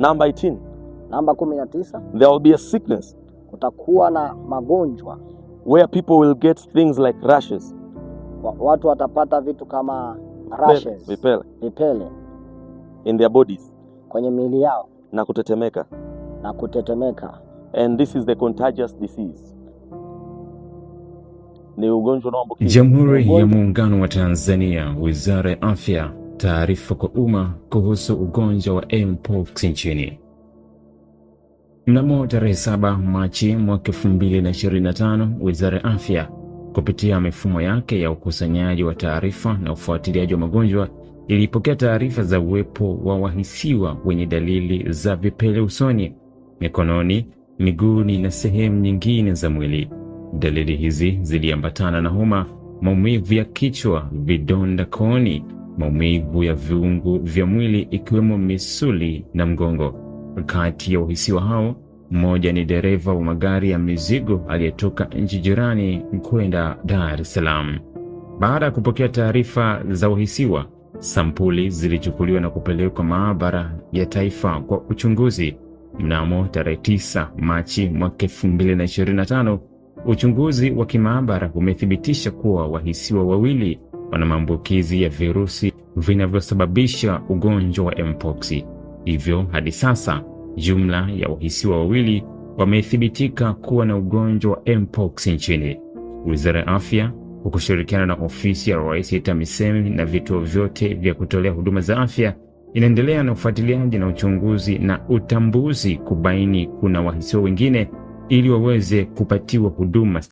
Number 18. Namba 19. There will be a sickness. Kutakuwa na magonjwa. Where people will get things like rashes. Watu watapata vitu kama rashes. Vipele. Vipele. In their bodies. Kwenye miili yao. Na kutetemeka. Na kutetemeka. And this is the contagious disease. Ni ugonjwa unaoambukiza. Jamhuri ya Muungano wa Tanzania, Wizara ya Afya taarifa kwa umma kuhusu ugonjwa wa mpox nchini. Mnamo tarehe 7 Machi mwaka 2025, Wizara ya Afya kupitia mifumo yake ya ukusanyaji wa taarifa na ufuatiliaji wa magonjwa ilipokea taarifa za uwepo wa wahisiwa wenye dalili za vipele usoni, mikononi, miguuni na sehemu nyingine za mwili. Dalili hizi ziliambatana na homa, maumivu ya kichwa, vidonda kooni maumivu ya viungo vya mwili ikiwemo misuli na mgongo. Kati ya wahisiwa hao, mmoja ni dereva wa magari ya mizigo aliyetoka nchi jirani kwenda Dar es Salaam. Baada ya kupokea taarifa za wahisiwa, sampuli zilichukuliwa na kupelekwa maabara ya taifa kwa uchunguzi. Mnamo tarehe 9 Machi mwaka 2025, uchunguzi wa kimaabara umethibitisha kuwa wahisiwa wawili wana maambukizi ya virusi vinavyosababisha ugonjwa wa mpox. Hivyo hadi sasa jumla ya wahisiwa wawili wamethibitika kuwa na ugonjwa wa mpox nchini. Wizara ya Afya kwa kushirikiana na ofisi ya Rais TAMISEMI na vituo vyote vya kutolea huduma za afya inaendelea na ufuatiliaji na uchunguzi na utambuzi kubaini kuna wahisiwa wengine ili waweze kupatiwa huduma.